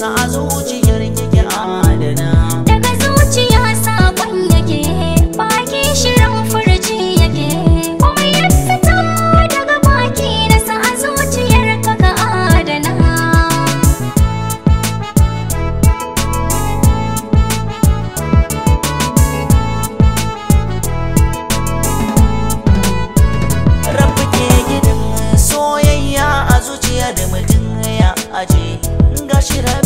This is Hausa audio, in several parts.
sa zuciyar kike adana daga zuciya sakon yake baki shirin furci yake komai ya fito daga baki na sa a zuciyar ka ka adana rabu ke gidan soyayya a zuciya da mutum ya aje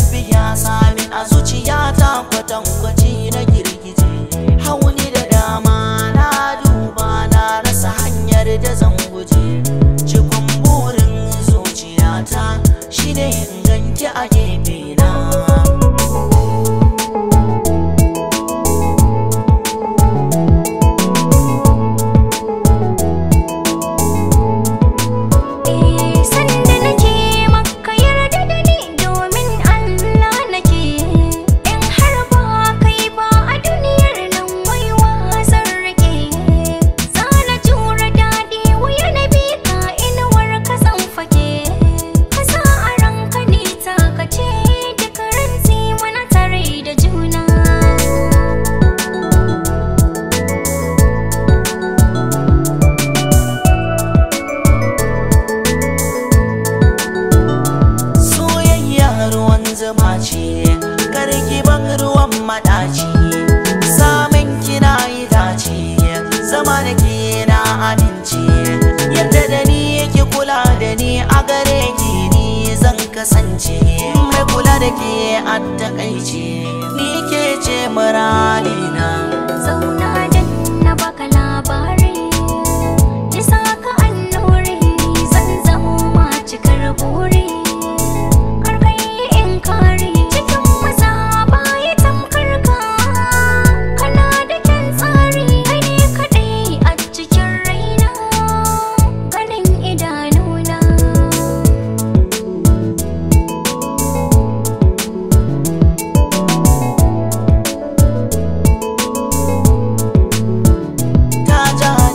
dias um budinho. dace karki ban ruwan madaci samun kina yi dace zama da ke na aminci yadda da ni yake kula da ni a gare ki ni zan kasance mai kula da ke a takaice ni ke ce muralina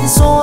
so